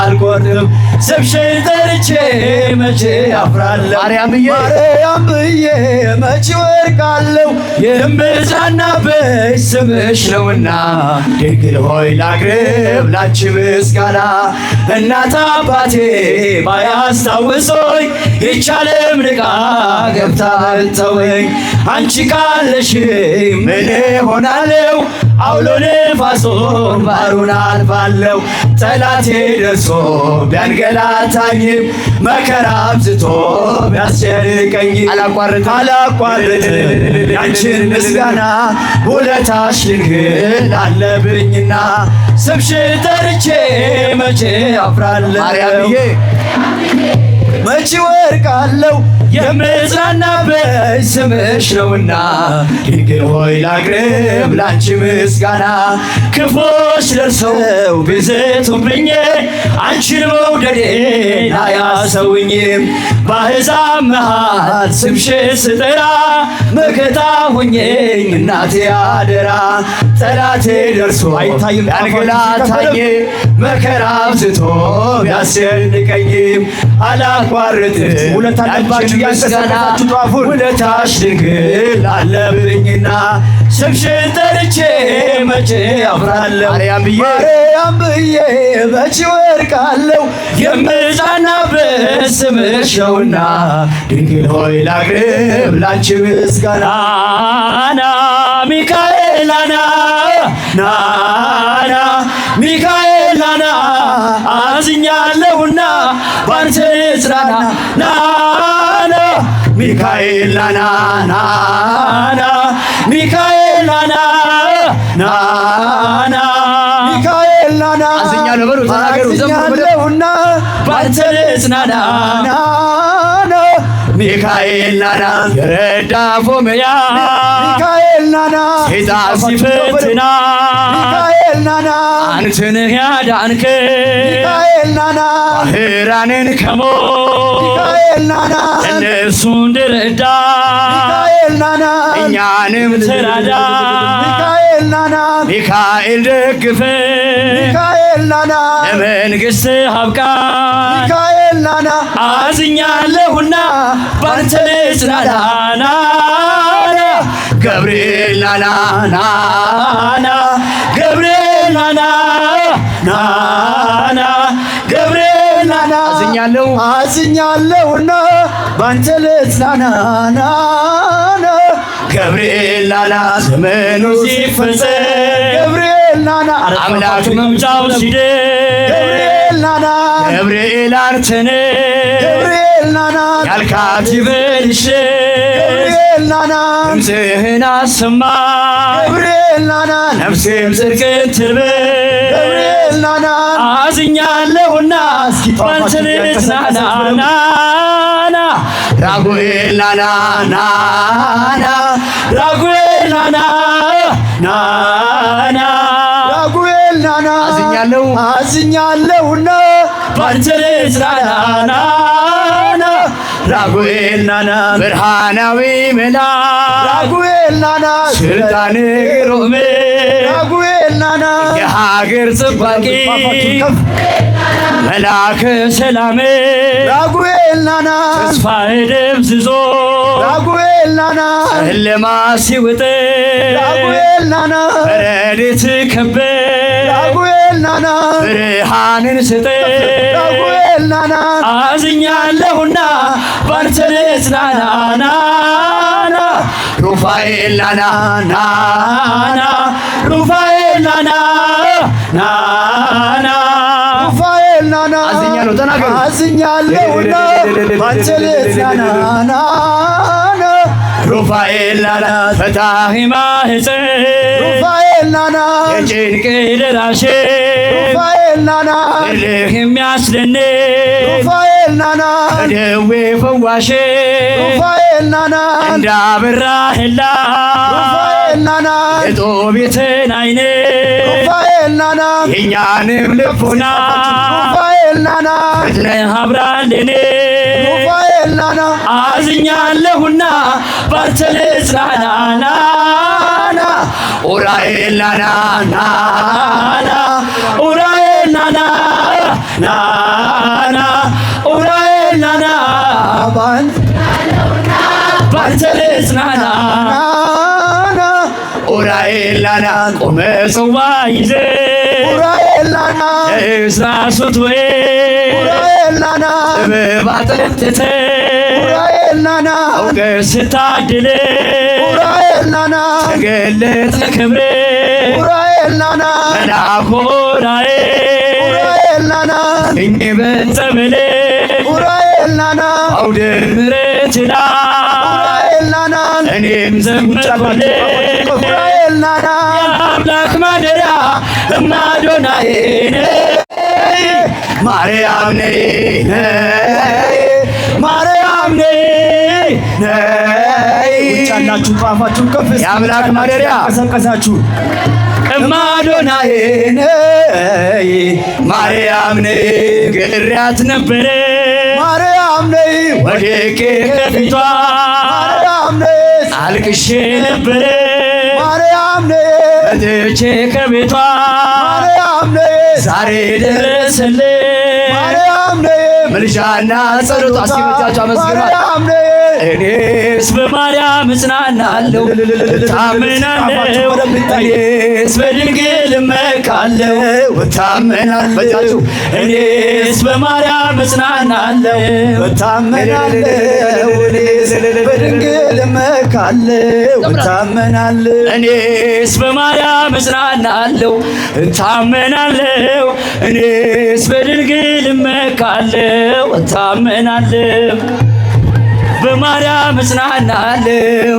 አልቆርም ስምሽን ጠርቼ መቼ አፍራለሁ? ማርያም ብዬ መቼ ወርቃለሁ? የምጽናናብሽ ስምሽ ነውና ድንግል ሆይ ላቅርብ ላንቺ ምስጋና። እናት አባቴ ባያስታውሶኝ ይህች ዓለም ገብታ ብተወኝ አንቺ ካለሽ ምን እሆናለሁ? አውሎ ነፋሶን ባሕሩን አልፋለሁ ጠላቴ ደርሶ መልሶ ቢያንገላታኝም መከራ አብዝቶ ቢያስጨንቀኝ አላቋርጥ አላቋርጥ ያንቺን ምስጋና ውለታሽ ድንግል አለብኝና ስምሽን ጠርቼ መቼ አፍራለሁ መቼ ወርቃለሁ የምጽናናበት ስምሽ ነውና ድንግል ሆይ ላቅርብ ላንቺ ምስጋና ክፎች ደርሰው ብዘቱብኝ አንቺን መውደዴ ላያስ ሰውኝ ባሕዛብ መሃል ስምሽን ስጠራ መከታ ሆኜኝ እናቴ አደራ ጠላቴ ደርሶ ያንገላታኝ መከራ አብዝቶ ቢያስጨንቀኝም አላቋርጥም ውለታሽ ድንግል አለብኝና ስምሽን ጠርቼ መቼ አፍራለሁ ማርያም ብዬ መቼ ወርቃለሁ የምጻናበት ስምሽ ነው ነውና ድንግል ሆይ ላቅርብ ላንቺ ምስጋና ና ሚካኤል ና ና ሚካኤል ና አዝኛለሁና ባንተ ጽናና ናና ና ሚካኤል ና ሚካኤል ና ና ልጽናና አዝኛለሁና ባንተ ልጽናና ሚካኤል ናና የረዳፎ መያ ሚካኤል ናና ሴጣን ሲፈትና ሚካኤል ናና አንተን ያዳንከ ሚካኤል ናና ራኔን ከሞት ሚካኤል ናና እነሱ እንድረዳ ሚካኤል ናና እኛንም ትራዳ ሚካኤል ናና ሚካኤል ደግፈ ሚካኤል ናና ለመንግሥት ሀብቃ ሚካኤል ናና አዝኛለሁና ባንተ ልጽናናና ገብርኤል ናና ናና ገብርኤል ናና ና አዝኛለሁ አዝኛለሁና ባንተ ልጽናናና ገብርኤል ናና ዘመኑ ሲፈጸም ገብርኤል ናና አምላክ መምጫው ሲደርስ ገብርኤል ናና ገብርኤል አንተነ ገብርኤል ናና ያልካት ይበልሽ ገብርኤል ናና ድምፅህን አሰማ ገብርኤል ናና ነፍሴም ጽድቅን ትርበስ ገብርኤል ናና አዝኛለሁና ባንተ ልጽናና ራጉኤል ናና ናና ራጉኤል ናና ናና ራጉኤል ናና አዝኛለሁ አዝኛለሁና ባንተ ናና ራጉኤል ናና ብርሃናዊ መልአክ ራጉኤል ናና ስልጣኔ ሮሜ ራጉኤል ናና የሀገር ጽባቂ መልአከ ሰላም ራጉኤል ናና ተስፋ ደብዝዞ ራጉኤል ናና ጨለማ ሲውጥ ራጉኤል ናና ረድኤት ከበድ ራጉኤል ናና ብርሃንን ስጥ ራጉኤል ናና አዝኛለሁና ባንተ ልጽናና ሩፋኤል ናና ናና ሩፋኤል ናና ናና ልጽናና አዝኛለሁና ባንቺ ልጽናና ሩፋኤል ናና ፈታሒ ማኅፀን ሩፋኤል ናና የጭንቅ ደራሽ ሩፋኤል ናና እልህ የሚያስደንቅ ሩፋኤል ናና ደዌ ፈዋሽ ሩፋኤል ናና እንዳበራህላ ሩፋኤል ናና የጦቢትን አይን ሩፋኤል ናና የእኛንም ልቡና ሩፋኤል ናና እዝነህ ሩፋኤል ናና አዝኛለሁና ባንተ ልጽናናና ኡራኤል ናና ናና ኡራኤል ናና ናና ኡራኤል ናና ባንተ ልጽናና ኡራኤላና ቆመ ጽዋ ይዜ ኡራኤላና እሳሱት ወይ ኡራኤላና በባጠንትተ ኡራኤላና አውቀ ስታድል ኡራኤላና ተገለጠ ክብር ኡራኤላና መልአኩ ኡራኤላና እኔ በጸበል ኡራኤላና አውደ ምሕረት ኤልናናን እኔም ዘምጫለሁ ክብራ ኤልናናን የአምላክ ማደሪያ እማዶናዬ ማርያም ነይ ማርያም ነይ ውጫላችሁ ጧፋችሁ ከፍ የአምላክ ማደሪያ ቀሰቀሳችሁ እማዶናዬ ማርያም ነይ ግሪያት ነበረ ማርያም ነይ ወደቄ ከፊቷ አልቅሼ ነበረ ማርያም መጥቼ ከቤቷ ማርያም ዛሬ ደረሰልኝ ማርያም ነ ምልጃና ጸሎቷ እስኪመቻቸው አመስግኗል እኔስ በማርያም እጽናናለሁ እታምናለሁ፣ እኔስ በድንግል እመካለሁ እታምናለሁ፣ እኔስ በማርያም እጽናናለሁ እታምናለሁ፣ እኔስ በድንግል እመካለሁ እታምናለሁ፣ እኔስ በማርያም እጽናናለሁ እታምናለሁ፣ እኔስ በድንግል እመካለሁ እታምናለሁ በማርያም እጽናናለሁ።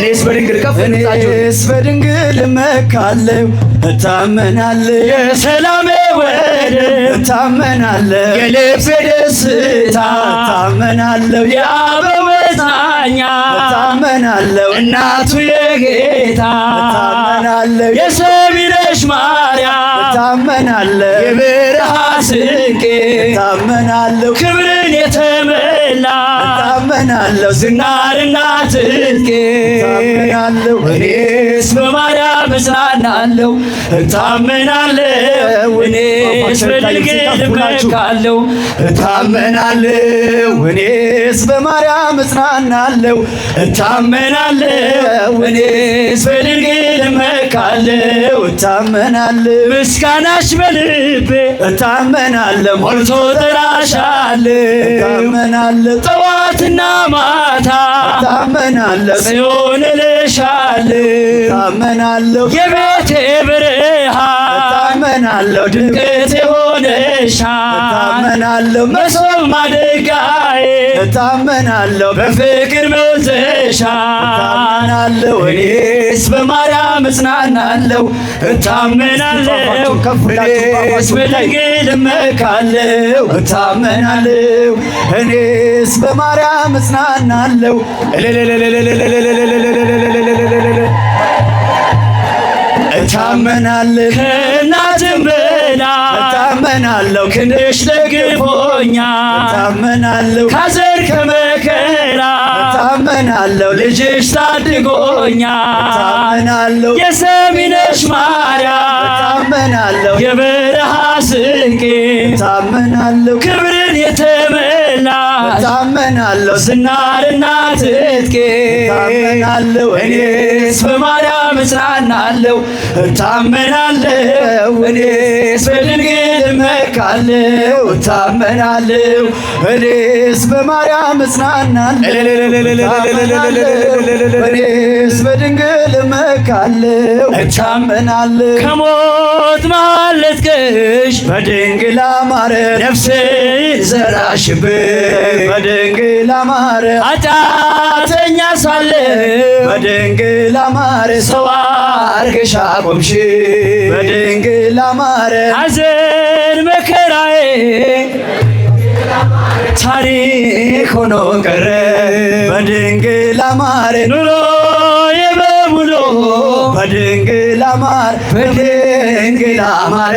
እኔስ በድንግል ከፍ እኔስ በድንግል እመካለሁ፣ እታመናለሁ። የሰላሜ ወደብ እታመናለሁ፣ የልቤ ደስታ እታመናለሁ፣ የአበው መጽናኛ እታመናለሁ፣ እናቱ የጌታ እታመናለሁ፣ የሰሚነሽ ማርያም እታመናለሁ፣ የበረሃ ስንቄ እታመናለሁ፣ ክብርን የተመ Bela ታመናለሁ ዝናርና ታመናለሁ እኔስ በማርያም እጽናናለሁ እታመናለሁ እኔስ በድንግል እመካለሁ እታመናለሁ እኔስ በማርያም እጽናናለሁ እታመናለሁ እኔስ በድንግል እመካለሁ እታመናለሁ ምስጋናሽ በልቤ እታመናለሁ ሞልቶ እታመናለሁ ጠዋትና ማታ ታመናለሁ ጽዮን እልሻለሁ ታመናለሁ የቤቴ ብርሃን ታመናለሁ ድንቅት ሆነሻል። መሶብ ማደጋዬ እታመናለሁ። በፍቅር መውዘሻል። እኔስ በማርያም እጽናናለሁ። እታመናለሁ። እኔስ በድንግል እመካለሁ። እታመናለሁ። እኔስ በማርያም እጽናናለሁ። እታመናለሁ ከእናትም ታመናለሁ ክንሽ ደግፎኛል ታመናለሁ ካዘር ከመከራ ታመናለሁ ልጅሽ ታድጎኛል ታመናለሁ የሰሚነሽ ማርያም ታመናለሁ የበረሃ ስንቄ ታመናለሁ ክብርን የተመ እታመናለሁ ዝናርና ትጥቄ እታመናለሁ እኔስ በማርያም እጽናናለሁ እታመናለሁ እኔስ በድንግል እመካለሁ እታመናለሁ እኔስ በማርያም እጽናናለሁ እኔስ በድንግል እመካለሁ እታመናለሁ ከሞት ማለትሽ በድንግል አማረ ነፍሴ ዘራሽብኝ በድንግል አማረ አጫተኛ ሳለ በድንግል አማረ ሰው አርግሻ ቆምሽ በድንግል አማረ አዘን መከራዬ ታሪክ ሆኖ ቀረ በድንግል አማረ ኑሮ የበሙሉ በድንግል አማረ በድንግል አማረ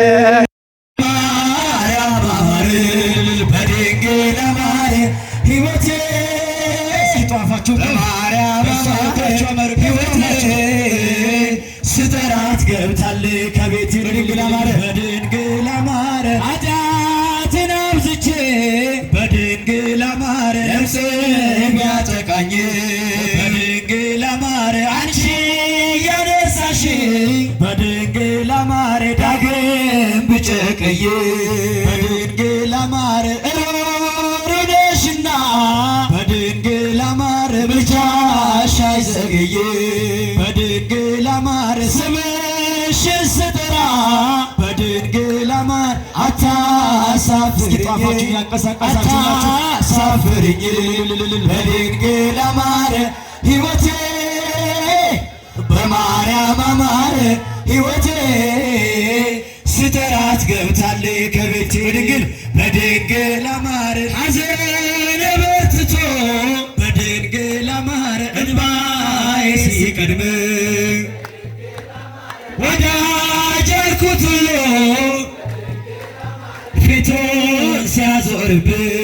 አፋቸው ስጠራት ገብታል ከቤት በድንግል አማረ አዳትን አብዝቼ በድንግል አማረ ነፍሴ የሚያጠቃኝ በድንግል አማረ አንቺ እያነሳሽ በድንግል አማረ ዳግም ብጨቀይ ላወራሽ አይዘገይ በድንግል ማር ስምሽን ስጠራ በድንግል ማር አታሳፍሪኝ በድንግል ሕይወቴ በማርያም ሕይወቴ ስጠራት ገብታለች ከቤቴ በድንግል በድንግል ላይ ሲቀድም ወዳጀርኩት ፊቱ ሲያዞርብን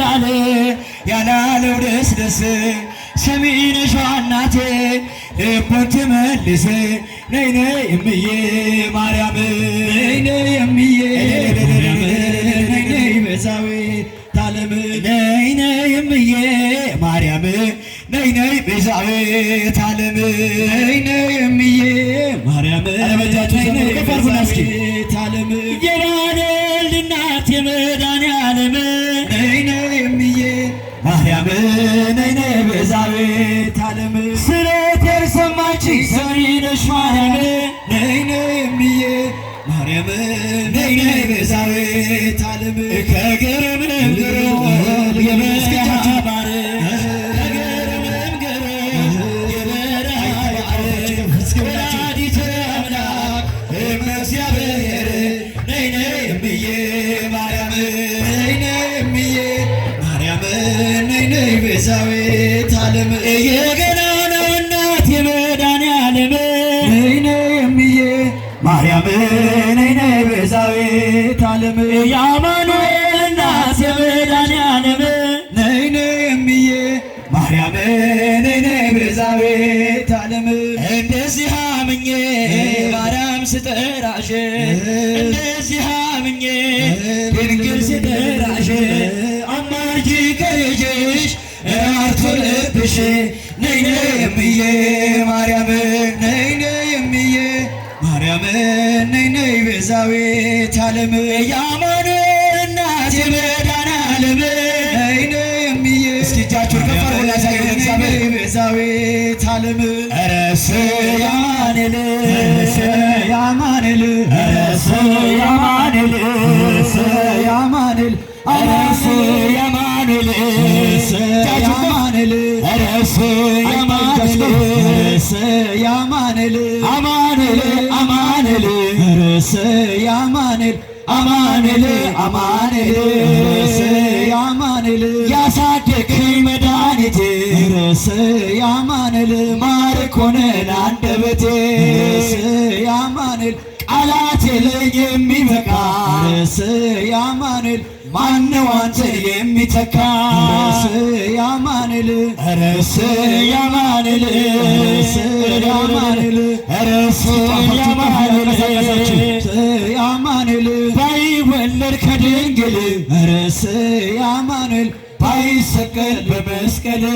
ያላለ ያላለው ደስ ደስ ስሚን ሸዋናቴ ልቦን ትመልስ ነይነ የምዬ ማርያም ነይነ የምዬ ነይነ መጻዌ ታለም ነይነ የምዬ ማርያም ነይነ ቤዛዌ ታለም ነይነ የምዬ ማርያም ረበጃቱ ከፈርጉና እስኪ ታለም የዳነልናት የመዳን ያለም መድኃኒት ዓለም ስለት ያልሰማች ሰሪ ነሽ ማርያም ነይ ነይ ማርያም ነይ ነይ ቤዛዊት ዓለም ከገረም ነግሮ የመ ዓለም የገናናው እናት የመድኃኒዓለም ነይ ነይ እምዬ ማርያም ነይ ነይ ቤዛዊተ ዓለም የአማኑኤል እናት የመድኃኒዓለም ነይ ነይ እምዬ ማርያም ነይ ቤዛዊተ ዓለም እንደዚህ አምኜ ማርያም ስጠራሽ እንደዚህ አምኜ ድንግል ስጠራሽ şey Neyneyim biye Meryem'e Neyneyim biye Meryem'e Neyney ve zavi Talimi yamanı Natimi danalimi Neyneyim biye Eskica Türk'e farkla sayın Neyney ve zavi Talimi Eresi yamanili Eresi yamanili Eresi yamanili Eresi yamanili Eresi yamanili Eresi yamanili ያማንል አማንል መድኃኒቴ ርዕስ ያማንል ማርክ ሆነ ለአንደበቴ ርዕስ ያማንል ቃላት የለኝ የሚበቃ ርዕስ ያማንል ማነው አንተ የሚተካ ያማንል ረስ ያማንል ያማንል ረስ ያማንል ባይወለድ ከድንግል ረስ ያማንል ባይሰቀል በመስቀል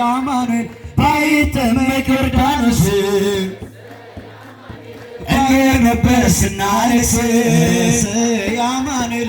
ያማንል ባይጠመቅ ዮርዳኖስ እኔ ነበር ስናለቅስ ያማንል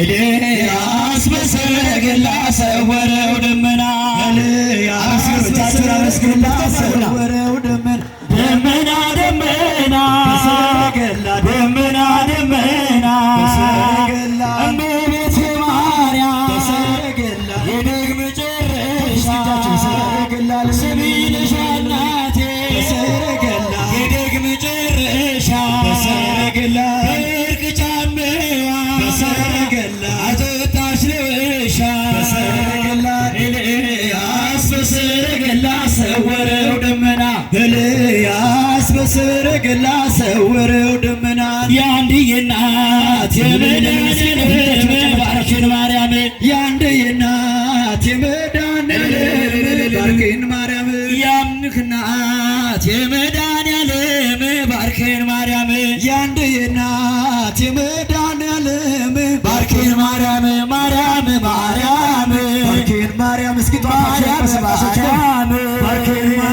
ኤልያስ በሰረገላ ሰወረው ደመና ኤልያስ በሰረገላ ሰወረው ኤልያስ በሰረገላ ሰወረው ደመናን የአንድዬ እናት የምናሴ